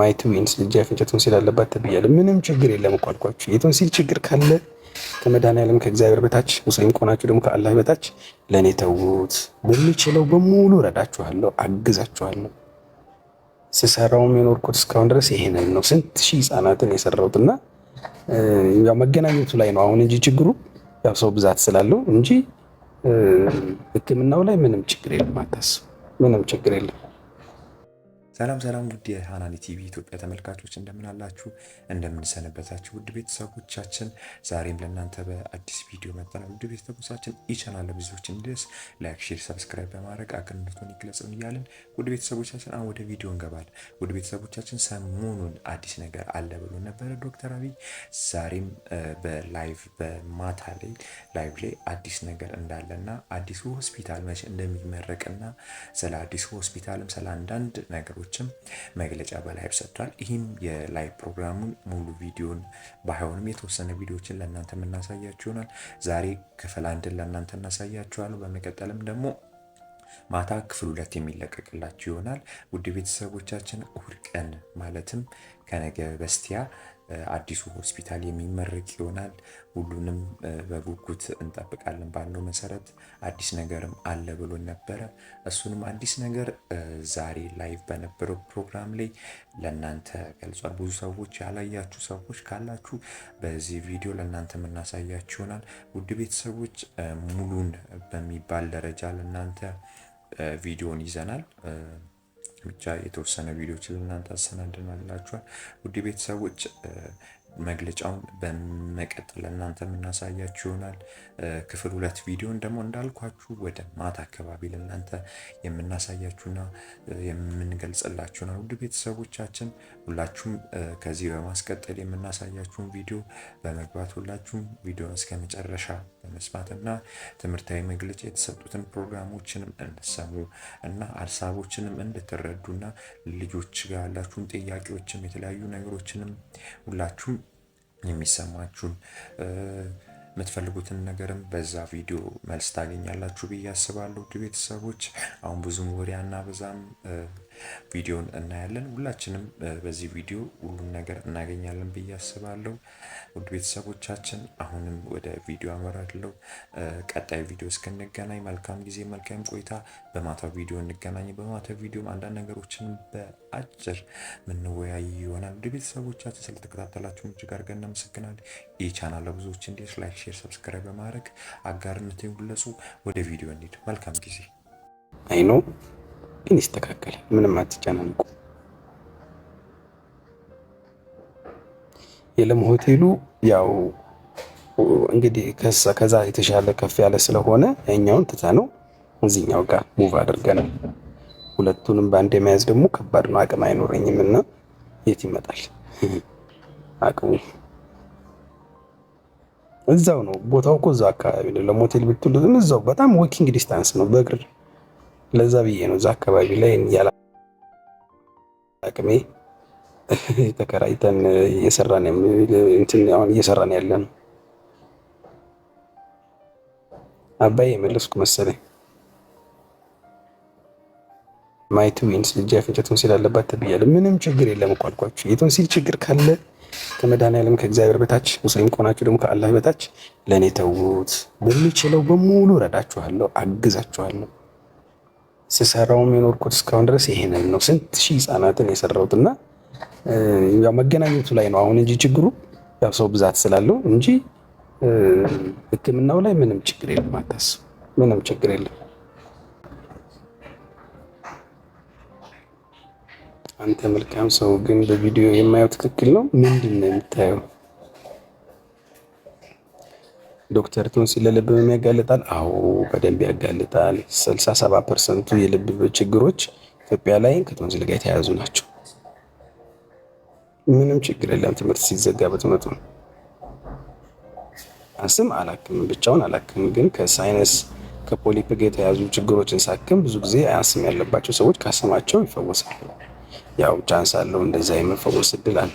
ማይ ቱ ዊንስ ልጅ አፍንጫቱን አለባት ተብያለሁ። ምንም ችግር የለም እኮ አልኳችሁ። የቶንሲል ችግር ካለ ከመድኃኒዓለም ከእግዚአብሔር በታች ሙስሊም ከሆናችሁ ደግሞ ከአላህ በታች ለእኔ ተዉት። በሚችለው በሙሉ ረዳችኋለሁ፣ አግዛችኋለሁ። ስሰራውም የኖርኩት እስካሁን ድረስ ይሄንን ነው። ስንት ሺህ ህጻናትን የሰራሁትና ያው መገናኘቱ ላይ ነው አሁን እንጂ ችግሩ ያው ሰው ብዛት ስላለው እንጂ ህክምናው ላይ ምንም ችግር የለም። አታስብ፣ ምንም ችግር የለም። ሰላም ሰላም ውድ የሃናኒ ቲቪ ኢትዮጵያ ተመልካቾች እንደምን አላችሁ? እንደምን ውድ ቤተሰቦቻችን ዛሬም ለእናንተ በአዲስ ቪዲዮ መጥተናል። ውድ ቤተሰቦቻችን ይቻናል ለብዙዎች እንዲደርስ ላይክ፣ ሼር፣ ሰብስክራይብ በማድረግ አገልግሎቱን ይግለጽም እያልን ውድ ቤተሰቦቻችን አሁን ወደ ቪዲዮ እንገባል። ውድ ቤተሰቦቻችን ሰሞኑን አዲስ ነገር አለ ብሎ ነበረ ዶክተር አብይ ዛሬም በላይቭ በማታ ላይ ላይቭ ላይ አዲስ ነገር እንዳለና አዲሱ ሆስፒታል መቼ እንደሚመረቅና ስለ አዲሱ ሆስፒታልም ስለ አንዳንድ ነገሮች ፕሮግራሞችም መግለጫ በላይቭ ሰጥቷል። ይህም የላይቭ ፕሮግራሙን ሙሉ ቪዲዮን ባይሆንም የተወሰነ ቪዲዮችን ለእናንተ የምናሳያችሁ ይሆናል። ዛሬ ክፍል አንድን ለእናንተ እናሳያችኋለሁ። በመቀጠልም ደግሞ ማታ ክፍል ሁለት የሚለቀቅላችሁ ይሆናል። ውድ ቤተሰቦቻችን እሁድ ቀን ማለትም ከነገ በስቲያ አዲሱ ሆስፒታል የሚመረቅ ይሆናል። ሁሉንም በጉጉት እንጠብቃለን። ባለው መሰረት አዲስ ነገርም አለ ብሎ ነበረ። እሱንም አዲስ ነገር ዛሬ ላይቭ በነበረው ፕሮግራም ላይ ለእናንተ ገልጿል። ብዙ ሰዎች ያላያችሁ ሰዎች ካላችሁ በዚህ ቪዲዮ ለእናንተ የምናሳያችሁ ይሆናል። ውድ ቤተሰቦች ሙሉን በሚባል ደረጃ ለእናንተ ቪዲዮን ይዘናል። ብቻ የተወሰነ ቪዲዮች ለእናንተ አሰናድናላችኋል። ውድ ቤተሰቦች መግለጫውን በመቀጠል ለእናንተ የምናሳያችሁ ይሆናል። ክፍል ሁለት ቪዲዮን ደግሞ እንዳልኳችሁ ወደ ማታ አካባቢ ለእናንተ የምናሳያችሁና የምንገልጽላችሁ ይሆናል። ውድ ቤተሰቦቻችን ሁላችሁም ከዚህ በማስቀጠል የምናሳያችሁን ቪዲዮ በመግባት ሁላችሁም ቪዲዮን እስከ መጨረሻ በመስማትና ትምህርታዊ መግለጫ የተሰጡትን ፕሮግራሞችንም እንድትሰሙ እና ሀሳቦችንም እንድትረዱና ልጆች ጋር ያላችሁን ጥያቄዎችም የተለያዩ ነገሮችንም ሁላችሁም የሚሰማችሁን የምትፈልጉትን ነገርም በዛ ቪዲዮ መልስ ታገኛላችሁ ብዬ አስባለሁ። ውድ ቤተሰቦች አሁን ብዙም ወሬ አናበዛም። ቪዲዮን እናያለን። ሁላችንም በዚህ ቪዲዮ ሁሉን ነገር እናገኛለን ብዬ አስባለሁ። ውድ ቤተሰቦቻችን አሁንም ወደ ቪዲዮ አመራለሁ። ቀጣይ ቪዲዮ እስክንገናኝ መልካም ጊዜ፣ መልካም ቆይታ። በማታው ቪዲዮ እንገናኝ። በማታው ቪዲዮም አንዳንድ ነገሮችን በአጭር ምንወያይ ይሆናል። ውድ ቤተሰቦቻችን ስለተከታተላችሁ እጅግ አድርገን እናመሰግናለን። ይህ ቻናል ለብዙዎች እንዲደርስ ላይክ፣ ሼር፣ ሰብስክራይብ በማድረግ አጋርነት ይግለጹ። ወደ ቪዲዮ እንሂድ። መልካም ጊዜ አይኖ ግን ይስተካከል። ምንም አትጨናንቁ። የለም ሆቴሉ ያው እንግዲህ ከዛ የተሻለ ከፍ ያለ ስለሆነ እኛውን ትታ ነው እዚህኛው ጋር ሙቭ አድርገን ሁለቱንም በአንድ የመያዝ ደግሞ ከባድ ነው። አቅም አይኖረኝም እና የት ይመጣል አቅሙ? እዛው ነው ቦታው እኮ እዛው አካባቢ ነው። ለሞቴል ብትሉትም እዛው በጣም ወኪንግ ዲስታንስ ነው በእግር ለዛ ብዬ ነው እዛ አካባቢ ላይ ያለ አቅሜ ተከራይተን እየሰራን እየሰራን ያለ ነው። አባይ የመለስኩ መሰለኝ። ማይቱ ዊንስ ልጅ አፍንጫ ቶንሲል አለባት ትብያለህ። ምንም ችግር የለም እኮ አልኳችሁ። የቶንሲል ችግር ካለ ከመድኃኒዓለም ከእግዚአብሔር በታች ሙስሊም ከሆናችሁ ደግሞ ከአላህ በታች ለእኔ ተዉት። በሚችለው በሙሉ ረዳችኋለሁ፣ አግዛችኋለሁ። ስሰራውም የኖርኩት እስካሁን ድረስ ይሄንን ነው። ስንት ሺህ ህጻናትን የሰራሁት እና መገናኘቱ ላይ ነው አሁን እንጂ ችግሩ ያው ሰው ብዛት ስላለው እንጂ ህክምናው ላይ ምንም ችግር የለም። አታስብ፣ ምንም ችግር የለም። አንተ መልካም ሰው ግን በቪዲዮ የማየው ትክክል ነው። ምንድን ነው የምታየው? ዶክተር ቶንሲል ሲለልብ ህመም ያጋልጣል? አዎ በደንብ ያጋልጣል። 67 ፐርሰንቱ የልብ ችግሮች ኢትዮጵያ ላይ ከቶንሲል ጋር የተያያዙ ናቸው። ምንም ችግር የለም። ትምህርት ሲዘጋ በትመጡ ስም አላክምም፣ ብቻውን አላክምም። ግን ከሳይነስ ከፖሊፕ ጋር የተያዙ ችግሮችን ሳክም ብዙ ጊዜ አስም ያለባቸው ሰዎች ካስማቸው ይፈወሳሉ። ያው ቻንስ አለው እንደዛ የመፈወስ እድል አለ።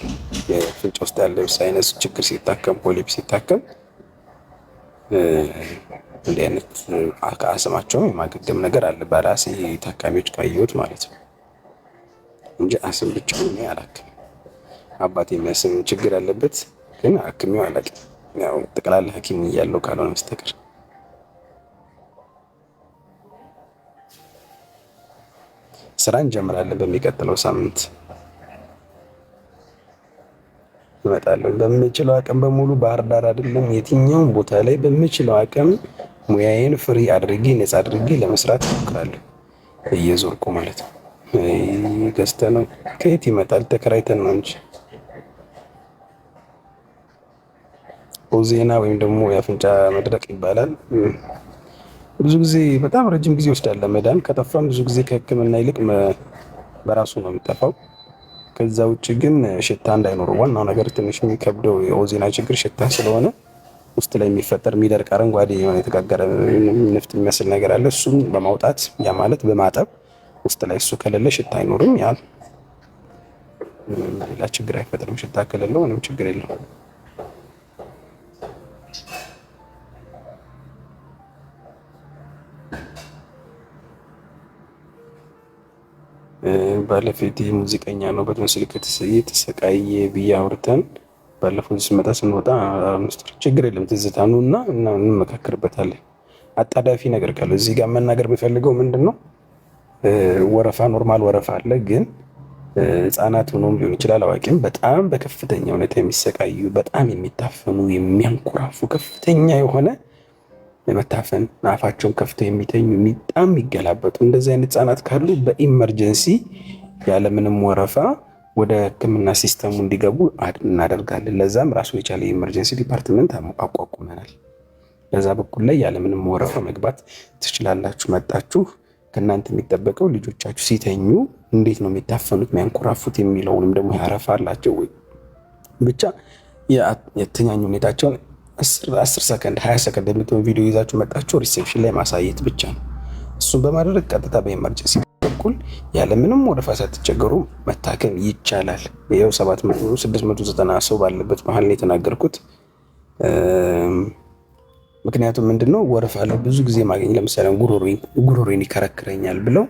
የፍንጭ ውስጥ ያለው ሳይነስ ችግር ሲታከም ፖሊፕ ሲታከም እንዲህ አይነት አስማቸው የማገገም ነገር አለ። በራሴ ታካሚዎች ካየሁት ማለት ነው እንጂ አስም ብቻ እኔ አላክም። አባት የሚያስም ችግር ያለበት ግን አክሚው አላቅ ያው ጠቅላላ ሐኪም እያለው ካልሆነ በስተቀር ስራ እንጀምራለን በሚቀጥለው ሳምንት። እመጣለሁ። በምችለው አቅም በሙሉ ባህር ዳር አይደለም የትኛውም ቦታ ላይ በምችለው አቅም ሙያዬን ፍሪ አድርጌ ነጻ አድርጌ ለመስራት እሞክራለሁ። እየዞርኩ ማለት ነው። ገዝተህ ነው ከየት ይመጣል? ተከራይተን ነው እንጂ ዜና ወይም ደግሞ የአፍንጫ መድረቅ ይባላል። ብዙ ጊዜ በጣም ረጅም ጊዜ ይወስዳል ለመዳን። ከጠፋም ብዙ ጊዜ ከህክምና ይልቅ በራሱ ነው የሚጠፋው። ከዛ ውጭ ግን ሽታ እንዳይኖረው ዋናው ነገር ትንሽ የሚከብደው የኦዚና ችግር ሽታ ስለሆነ ውስጥ ላይ የሚፈጠር የሚደርቅ አረንጓዴ የሆነ የተጋገረ ንፍጥ የሚመስል ነገር አለ። እሱም በማውጣት ያ ማለት በማጠብ ውስጥ ላይ እሱ ከሌለ ሽታ አይኖርም። ያ ሌላ ችግር አይፈጥርም። ሽታ ከሌለው ምንም ችግር የለውም። ባለፊት ይህ ሙዚቀኛ ነው በተመስል የተሰቃየ ብዬ አውርተን ባለፈው ስመጣ ስንወጣ ምስጢር ችግር የለም ትዝታ ነው እና እንመካከርበታለን። አጣዳፊ ነገር ካለ እዚህ ጋር መናገር የሚፈልገው ምንድን ነው? ወረፋ ኖርማል ወረፋ አለ፣ ግን ህፃናት ሆኖም ሊሆን ይችላል አዋቂም በጣም በከፍተኛ ሁኔታ የሚሰቃዩ በጣም የሚታፈኑ የሚያንኮራፉ ከፍተኛ የሆነ ለመታፈን አፋቸውን ከፍተው የሚተኙ በጣም የሚገላበጡ እንደዚህ አይነት ህጻናት ካሉ በኢመርጀንሲ ያለምንም ወረፋ ወደ ህክምና ሲስተሙ እንዲገቡ እናደርጋለን። ለዛም ራሱ የቻለ የኢመርጀንሲ ዲፓርትመንት አቋቁመናል። በዛ በኩል ላይ ያለምንም ወረፋ መግባት ትችላላችሁ። መጣችሁ ከእናንተ የሚጠበቀው ልጆቻችሁ ሲተኙ እንዴት ነው የሚታፈኑት፣ የሚያንኮራፉት የሚለውንም ደግሞ ያረፋ አላቸው ወይ ብቻ የተኛኙ ሁኔታቸውን 10 ሰከንድ 20 ሰከንድ የምትሆን ቪዲዮ ይዛችሁ መጣችሁ ሪሴፕሽን ላይ ማሳየት ብቻ ነው። እሱን በማድረግ ቀጥታ በኤመርጀንሲ በኩል ያለምንም ወረፋ ሳትቸገሩ መታከም ይቻላል። ይኸው 7690 ሰው ባለበት መሀል ነው የተናገርኩት። ምክንያቱም ምንድነው ወረፋ ላይ ብዙ ጊዜ ማገኝ ለምሳሌ ጉሮሬን ይከረክረኛል ብለው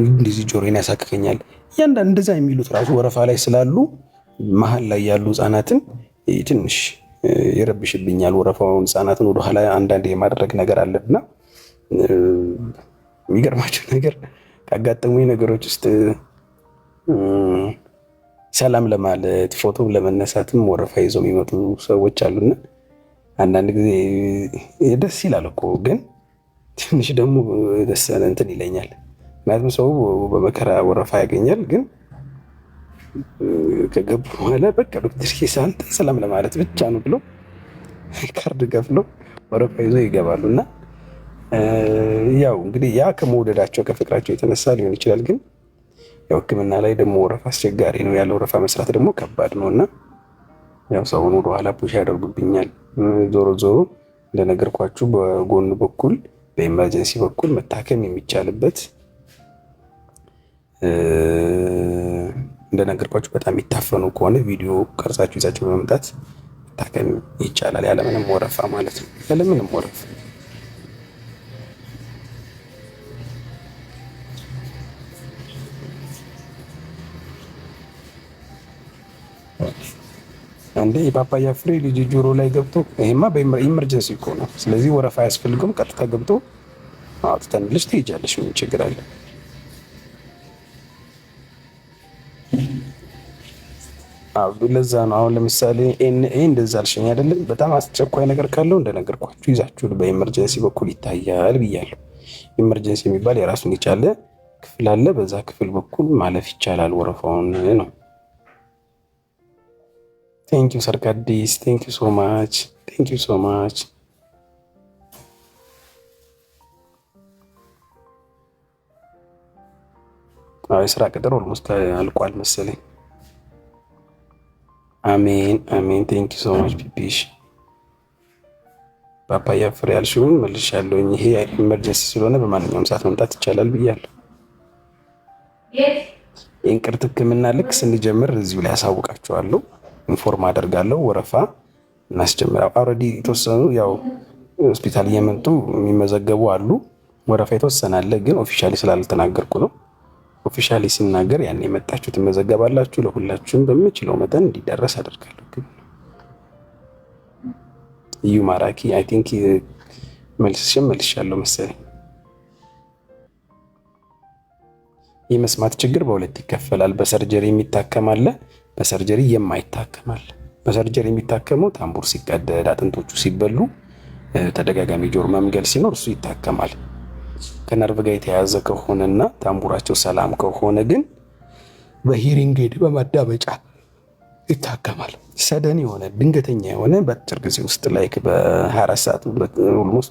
እንደዚህ ጆሮን ያሳክከኛል እያንዳንድ እንደዛ የሚሉት ራሱ ወረፋ ላይ ስላሉ መሀል ላይ ያሉ ህጻናትን ትንሽ ይረብሽብኛል፣ ወረፋውን ህፃናትን ወደኋላ አንዳንድ የማድረግ ነገር አለና የሚገርማቸው ነገር ካጋጠሙኝ ነገሮች ውስጥ ሰላም ለማለት ፎቶ ለመነሳትም ወረፋ ይዘው የሚመጡ ሰዎች አሉና አንዳንድ ጊዜ ደስ ይላል እኮ ግን ትንሽ ደግሞ ደስ እንትን ይለኛል። ምክንያቱም ሰው በመከራ ወረፋ ያገኛል ግን ከገቡ በኋላ በቃ ዶክተር ኬሳን ሰላም ለማለት ብቻ ነው ብሎ ካርድ ከፍለው ወረፋ ይዞ ይገባሉ። እና ያው እንግዲህ ያ ከመውደዳቸው ከፍቅራቸው የተነሳ ሊሆን ይችላል። ግን ያው ሕክምና ላይ ደግሞ ወረፋ አስቸጋሪ ነው ያለ ወረፋ መስራት ደግሞ ከባድ ነው እና ያው ሰውን ወደኋላ ፑሽ ያደርጉብኛል። ዞሮ ዞሮ እንደነገርኳችሁ በጎን በኩል በኤመርጀንሲ በኩል መታከም የሚቻልበት እንደነገርኳችሁ በጣም የሚታፈኑ ከሆነ ቪዲዮ ቀርጻችሁ ይዛችሁ በመምጣት ታከም ይቻላል። ያለምንም ወረፋ ማለት ነው። ያለምንም ወረፋ እንደ የፓፓያ ፍሬ ልጅ ጆሮ ላይ ገብቶ ይሄማ በኢመርጀንሲ እኮ ነው። ስለዚህ ወረፋ አያስፈልግም። ቀጥታ ገብቶ ልጅ ትሄጃለሽ። ምን ችግር አለ? ለዛ ነው አሁን ለምሳሌ ይሄ እንደዛ አልሽኝ አይደለም። በጣም አስቸኳይ ነገር ካለው እንደነገርኳችሁ ይዛችሁ በኤመርጀንሲ በኩል ይታያል ብያለሁ። ኤመርጀንሲ የሚባል የራሱን የቻለ ክፍል አለ። በዛ ክፍል በኩል ማለፍ ይቻላል ወረፋውን ነው። ቴንኪው ሰርካዲስ፣ ቴንኪው ሶማች፣ ቴንኪው ማች የስራ ቅጥር ኦልሞስት አልቋል መሰለኝ። አሜን አሜን። ቴንክ ዩ ሶ ማች ፒፒሽ ፓፓያ ፍሬ ያልሽውን መልሻለሁ። ይሄ ኢመርጀንሲ ስለሆነ በማንኛውም ሰዓት መምጣት ይቻላል ብያለሁ። የእንቅርት ሕክምና ልክ ስንጀምር እዚሁ ላይ አሳውቃችኋለሁ። ኢንፎርም አደርጋለሁ። ወረፋ እናስጀምር። አልሬዲ የተወሰኑ ያው ሆስፒታል እየመጡ የሚመዘገቡ አሉ። ወረፋ የተወሰናለ ግን ኦፊሻሊ ስላልተናገርኩ ነው። ኦፊሻሊ ሲናገር ያን የመጣችሁ ትመዘገባላችሁ፣ ለሁላችሁም በምችለው መጠን እንዲደረስ አደርጋለሁ። ግን እዩ ማራኪ አይ ቲንክ መልስሽን መልሻለሁ መሰለኝ። የመስማት ችግር በሁለት ይከፈላል። በሰርጀሪ የሚታከማለ፣ በሰርጀሪ የማይታከማለ። በሰርጀሪ የሚታከመው ታምቡር ሲቀደድ፣ አጥንቶቹ ሲበሉ፣ ተደጋጋሚ ጆሮ መምገል ሲኖር እሱ ይታከማል። ከነርቭ ጋር የተያያዘ ከሆነና ታምቡራቸው ሰላም ከሆነ ግን በሂሪንግ ኤድ በማዳመጫ ይታከማል። ሰደን የሆነ ድንገተኛ የሆነ በአጭር ጊዜ ውስጥ ላይ በ24 ሰዓት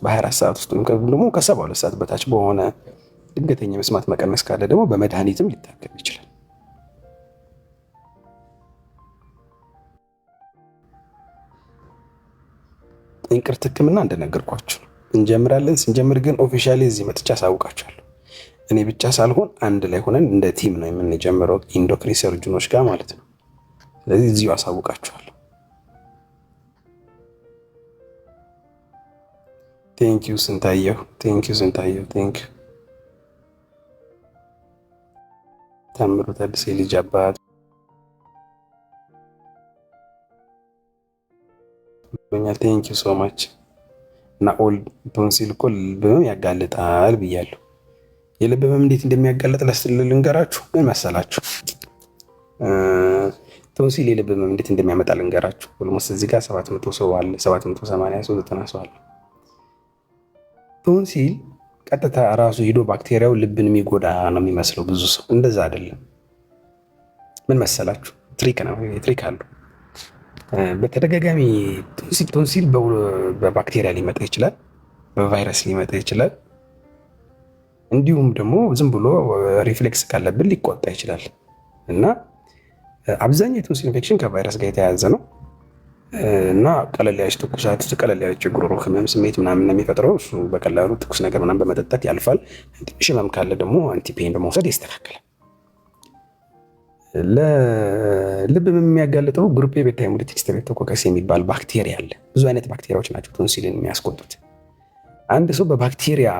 በ24 ሰዓት ውስጥ ደግሞ ከ72 ሰዓት በታች በሆነ ድንገተኛ መስማት መቀነስ ካለ ደግሞ በመድኃኒትም ሊታከም ይችላል። እንቅርት ሕክምና እንደነገርኳችሁ እንጀምራለን። ስንጀምር ግን ኦፊሻሊ እዚህ መጥቼ አሳውቃቸዋለሁ። እኔ ብቻ ሳልሆን አንድ ላይ ሆነን እንደ ቲም ነው የምንጀምረው ኢንዶክሪን ሰርጅኖች ጋር ማለት ነው። ስለዚህ እዚሁ አሳውቃቸዋለሁ። ቴንኪዩ ስንታየሁ፣ ቴንኪዩ ስንታየሁ፣ ቴንኪዩ ታምሩ ልጅ አባት ቴንኪዩ ሶ ማች እና ቶንሲል እኮ ለልብ ህመም ያጋልጣል ብያለሁ። የልብ ህመም እንዴት እንደሚያጋልጥ ልንገራችሁ። ምን መሰላችሁ? ቶንሲል የልብ ህመም እንዴት እንደሚያመጣ ልንገራችሁ። ኦልሞስት እዚህ ጋር 700 ሰው አለ፣ 780 ሰው፣ 90 ሰው አለ። ቶንሲል ቀጥታ ራሱ ሂዶ ባክቴሪያው ልብን የሚጎዳ ነው የሚመስለው ብዙ ሰው። እንደዛ አይደለም። ምን መሰላችሁ? ትሪክ ነው፣ ትሪክ አለው በተደጋጋሚ ቶንሲል ቶንሲል በባክቴሪያ ሊመጣ ይችላል፣ በቫይረስ ሊመጣ ይችላል። እንዲሁም ደግሞ ዝም ብሎ ሪፍሌክስ ካለብን ሊቆጣ ይችላል እና አብዛኛው የቶንሲል ኢንፌክሽን ከቫይረስ ጋር የተያያዘ ነው እና ቀለል ያለች ትኩሳት፣ ቀለል ያለች ጉሮሮ ህመም ስሜት ምናምን የሚፈጥረው እሱ በቀላሉ ትኩስ ነገር ምናምን በመጠጣት ያልፋል። ትንሽ ህመም ካለ ደግሞ አንቲፔን በመውሰድ ይስተካከላል። ለልብ የሚያጋልጠው ግሩፕ ቤታ ሄሞሊቲክ ስትሬፕቶኮከስ የሚባል ባክቴሪያ አለ። ብዙ አይነት ባክቴሪያዎች ናቸው ቶንሲልን የሚያስቆጡት። አንድ ሰው በባክቴሪያ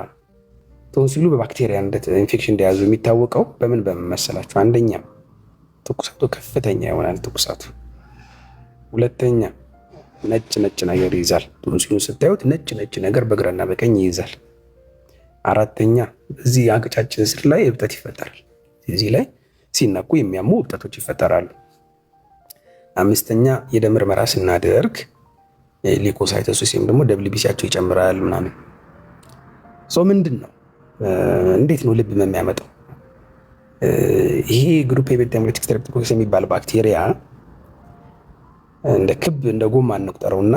ቶንሲሉ በባክቴሪያ ኢንፌክሽን እንደያዙ የሚታወቀው በምን በመመሰላቸው፣ አንደኛ ትኩሳቱ ከፍተኛ ይሆናል ትኩሳቱ። ሁለተኛ ነጭ ነጭ ነገር ይይዛል። ቶንሲሉን ስታዩት ነጭ ነጭ ነገር በግራና በቀኝ ይይዛል። አራተኛ እዚህ አቅጫጭን ስር ላይ እብጠት ይፈጠራል። እዚህ ላይ ሲነኩ የሚያሙ እብጠቶች ይፈጠራሉ። አምስተኛ የደም ምርመራ ስናደርግ ሊኮሳይቶሲስ ወይም ደግሞ ደብሊቢሲያቸው ይጨምራል ምናምን። ሰው ምንድን ነው እንዴት ነው ልብ የሚያመጣው? ይሄ ግሩፕ የቤት ዳይሞሌቲክ የሚባል ባክቴሪያ እንደ ክብ እንደ ጎማ እንቁጠረውና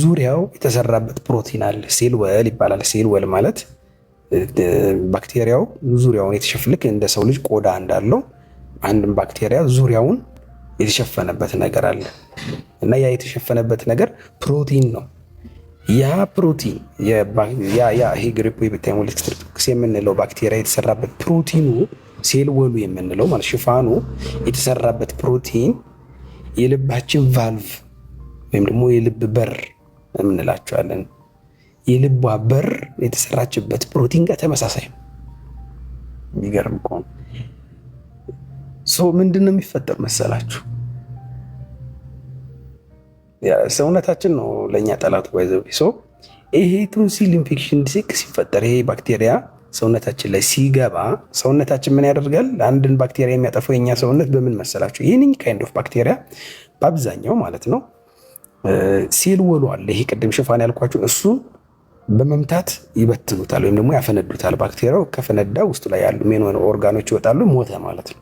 ዙሪያው የተሰራበት ፕሮቲን አለ። ሴልወል ይባላል። ሴልወል ማለት ባክቴሪያው ዙሪያውን የተሸፈነ ልክ እንደ ሰው ልጅ ቆዳ እንዳለው አንድም ባክቴሪያ ዙሪያውን የተሸፈነበት ነገር አለ እና ያ የተሸፈነበት ነገር ፕሮቲን ነው። ያ ፕሮቲን ይሄ ግሪፖ የምንለው ባክቴሪያ የተሰራበት ፕሮቲኑ ሴልወሉ የምንለው ማለት ሽፋኑ የተሰራበት ፕሮቲን የልባችን ቫልቭ ወይም ደግሞ የልብ በር እንላቸዋለን። የልቧ በር የተሰራችበት ፕሮቲን ጋር ተመሳሳይ ነው። የሚገርም እኮ ሰው ምንድን ነው የሚፈጠር መሰላችሁ? ሰውነታችን ነው ለእኛ ጠላቱ። ባይዘው ሰው ይሄ ቶንሲል ኢንፌክሽን ዲሴክ ሲፈጠር ይሄ ባክቴሪያ ሰውነታችን ላይ ሲገባ ሰውነታችን ምን ያደርጋል? አንድን ባክቴሪያ የሚያጠፋው የኛ ሰውነት በምን መሰላችሁ? ይህን ካይንድ ኦፍ ባክቴሪያ በአብዛኛው ማለት ነው ሴል ወሏል። ይሄ ቅድም ሽፋን ያልኳችሁ እሱን በመምታት ይበትኑታል ወይም ደግሞ ያፈነዱታል። ባክቴሪያው ከፈነዳ ውስጡ ላይ ያሉ ሜን ኦርጋኖች ይወጣሉ፣ ሞተ ማለት ነው።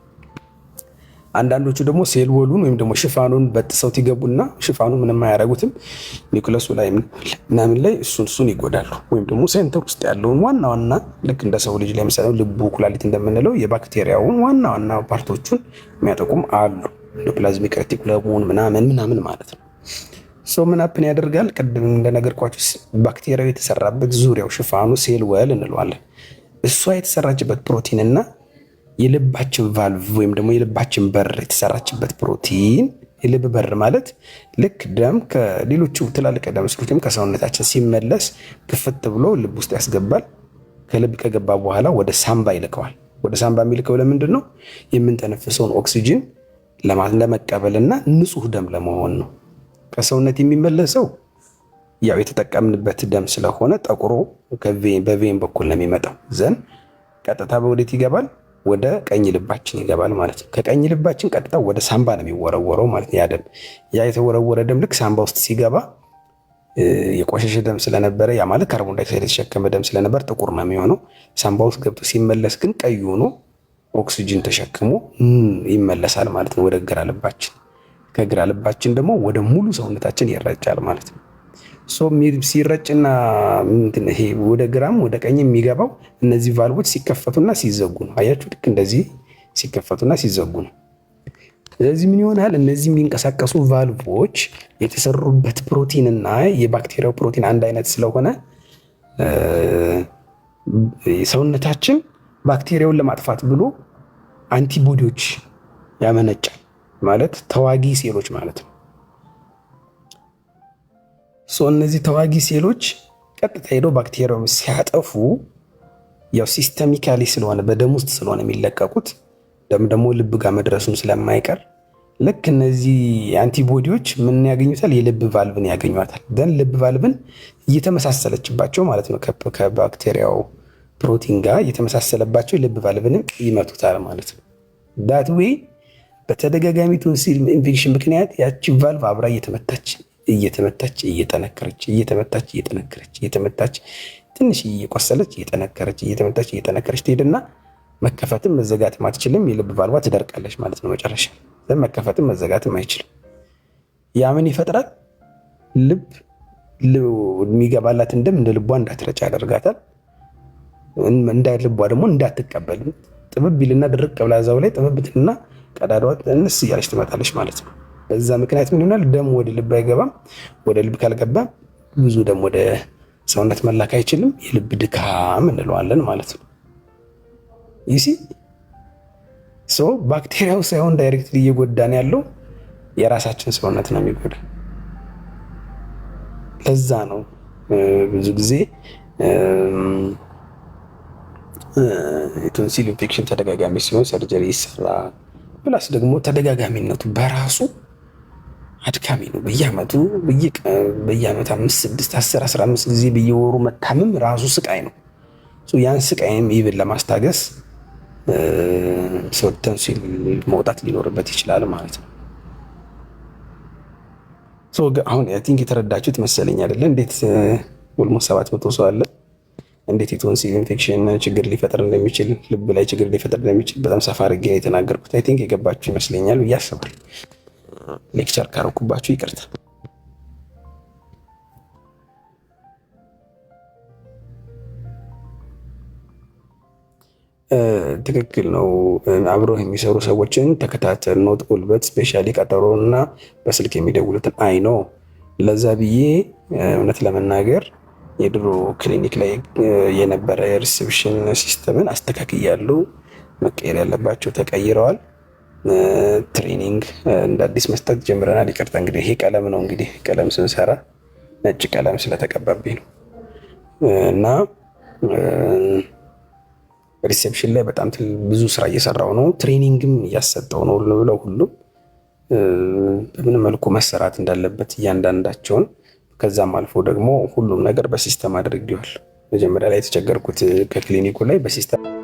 አንዳንዶቹ ደግሞ ሴል ወሉን ወይም ደግሞ ሽፋኑን በጥሰው ይገቡና ሽፋኑ ምንም አያደርጉትም። ኒኩለሱ ላይ ምናምን ላይ እሱን እሱን ይጎዳሉ። ወይም ደግሞ ሴንተር ውስጥ ያለውን ዋና ዋና ልክ እንደ ሰው ልጅ ለምሳሌ ልቡ፣ ኩላሊት እንደምንለው የባክቴሪያውን ዋና ዋና ፓርቶቹን የሚያጠቁም አሉ። ፕላዝሚክ ሬቲኩለሙን ምናምን ምናምን ማለት ነው። ሰው ምን አፕን ያደርጋል? ቅድም እንደነገርኳችሁ ባክቴሪያው የተሰራበት ዙሪያው ሽፋኑ ሴል ወል እንለዋለን። እሷ የተሰራችበት ፕሮቲን እና የልባችን ቫልቭ ወይም ደግሞ የልባችን በር የተሰራችበት ፕሮቲን የልብ በር ማለት ልክ ደም ከሌሎቹ ትላልቅ ደም ስሮች ወይም ከሰውነታችን ሲመለስ ክፍት ብሎ ልብ ውስጥ ያስገባል። ከልብ ከገባ በኋላ ወደ ሳምባ ይልከዋል። ወደ ሳምባ የሚልከው ለምንድን ነው? የምንተነፍሰውን ኦክሲጅን እና ንጹህ ደም ለመሆን ነው። ከሰውነት የሚመለሰው ያው የተጠቀምንበት ደም ስለሆነ ጠቁሮ በቬን በኩል ነው የሚመጣው። ዘን ቀጥታ በወዴት ይገባል? ወደ ቀኝ ልባችን ይገባል ማለት ነው። ከቀኝ ልባችን ቀጥታ ወደ ሳምባ ነው የሚወረወረው ማለት ነው። ያ ደም ያ የተወረወረ ደም ልክ ሳምባ ውስጥ ሲገባ የቆሸሸ ደም ስለነበረ ያ ማለት ካርቦን ዳይኦክሳይድ የተሸከመ ደም ስለነበር ጥቁር ነው የሚሆነው። ሳምባ ውስጥ ገብቶ ሲመለስ ግን ቀይ ሆኖ ኦክሲጅን ተሸክሞ ይመለሳል ማለት ነው ወደ ግራ ልባችን። ከግራ ልባችን ደግሞ ወደ ሙሉ ሰውነታችን ይረጫል ማለት ነው። ሲረጭና ይሄ ወደ ግራም ወደ ቀኝ የሚገባው እነዚህ ቫልቦች ሲከፈቱና ሲዘጉ ነው። አያችሁ፣ ልክ እንደዚህ ሲከፈቱና ሲዘጉ ነው። ስለዚህ ምን ይሆናል? እነዚህ የሚንቀሳቀሱ ቫልቮች የተሰሩበት ፕሮቲንና የባክቴሪያው ፕሮቲን አንድ አይነት ስለሆነ ሰውነታችን ባክቴሪያውን ለማጥፋት ብሎ አንቲቦዲዎች ያመነጫል። ማለት ተዋጊ ሴሎች ማለት ነው። እነዚህ ተዋጊ ሴሎች ቀጥታ ሄደው ባክቴሪያው ሲያጠፉ ያው ሲስተሚካሊ ስለሆነ በደም ውስጥ ስለሆነ የሚለቀቁት ደም ደግሞ ልብ ጋር መድረሱም ስለማይቀር ልክ እነዚህ አንቲቦዲዎች ምን ያገኙታል? የልብ ቫልብን ያገኟታል። ደን ልብ ቫልብን እየተመሳሰለችባቸው ማለት ነው ከባክቴሪያው ፕሮቲን ጋር እየተመሳሰለባቸው ልብ ቫልብንም ይመቱታል ማለት ነው ዳት ዌይ በተደጋጋሚ ቶንሲል ኢንፌክሽን ምክንያት ያቺ ቫልቭ አብራ እየተመታች እየተመታች እየጠነከረች እየተመታች እየጠነከረች እየተመታች ትንሽ እየቆሰለች እየጠነከረች እየተመታች እየጠነከረች ትሄድና መከፈትም መዘጋትም አትችልም። የልብ ቫልቫ ትደርቃለች ማለት ነው። መጨረሻ መከፈትም መዘጋትም አይችልም። ያ ምን ይፈጥራል? ልብ የሚገባላትን ደም እንደ ልቧ እንዳትረጭ ያደርጋታል። እንደ ልቧ ደግሞ እንዳትቀበል ጥብብ ይልና ድርቅ ብላ እዛው ላይ ጥብብትና ቀዳዳዋት እንስ እያለች ትመጣለች ማለት ነው። በዛ ምክንያት ምን ይሆናል? ደም ወደ ልብ አይገባም። ወደ ልብ ካልገባ ብዙ ደም ወደ ሰውነት መላክ አይችልም። የልብ ድካም እንለዋለን ማለት ነው። ይሲ ሶ ባክቴሪያው ሳይሆን ዳይሬክት እየጎዳን ያለው የራሳችን ሰውነት ነው የሚጎዳ። ለዛ ነው ብዙ ጊዜ የቶንሲል ኢንፌክሽን ተደጋጋሚ ሲሆን ሰርጀሪ ይሰራል። ፕላስ ደግሞ ተደጋጋሚነቱ በራሱ አድካሚ ነው። በየአመቱ በየአመት አምስት ስድስት አስር አስራ አምስት ጊዜ በየወሩ መታመም ራሱ ስቃይ ነው። ያን ስቃይም ይብን ለማስታገስ ሰወተን ሲል መውጣት ሊኖርበት ይችላል ማለት ነው። አሁን ቲንክ የተረዳችሁት መሰለኝ አይደለ? እንዴት ኦልሞስት ሰባት መቶ ሰው አለን። እንዴት የቶንሲል ኢንፌክሽን ችግር ሊፈጥር እንደሚችል ልብ ላይ ችግር ሊፈጥር እንደሚችል በጣም ሰፋ አድርጌ የተናገርኩት አይ ቲንክ የገባችሁ ይመስለኛል ብዬ አስባል ሌክቸር ካረኩባችሁ ይቅርታ። ትክክል ነው። አብረው የሚሰሩ ሰዎችን ተከታተል ኖት ቁልበት ስፔሻሊ ቀጠሮና በስልክ የሚደውሉትን ነው። ለዛ ብዬ እውነት ለመናገር የድሮ ክሊኒክ ላይ የነበረ የሪሴፕሽን ሲስተምን አስተካክያለሁ። መቀየር ያለባቸው ተቀይረዋል። ትሬኒንግ እንደ አዲስ መስጠት ጀምረናል። ይቅርታ እንግዲህ ይሄ ቀለም ነው። እንግዲህ ቀለም ስንሰራ ነጭ ቀለም ስለተቀባብኝ ነው እና ሪሴፕሽን ላይ በጣም ብዙ ስራ እየሰራው ነው። ትሬኒንግም እያሰጠው ነው ብለው ሁሉም በምን መልኩ መሰራት እንዳለበት እያንዳንዳቸውን ከዛም አልፎ ደግሞ ሁሉም ነገር በሲስተም አድርጌዋል። መጀመሪያ ላይ የተቸገርኩት ከክሊኒኩ ላይ በሲስተም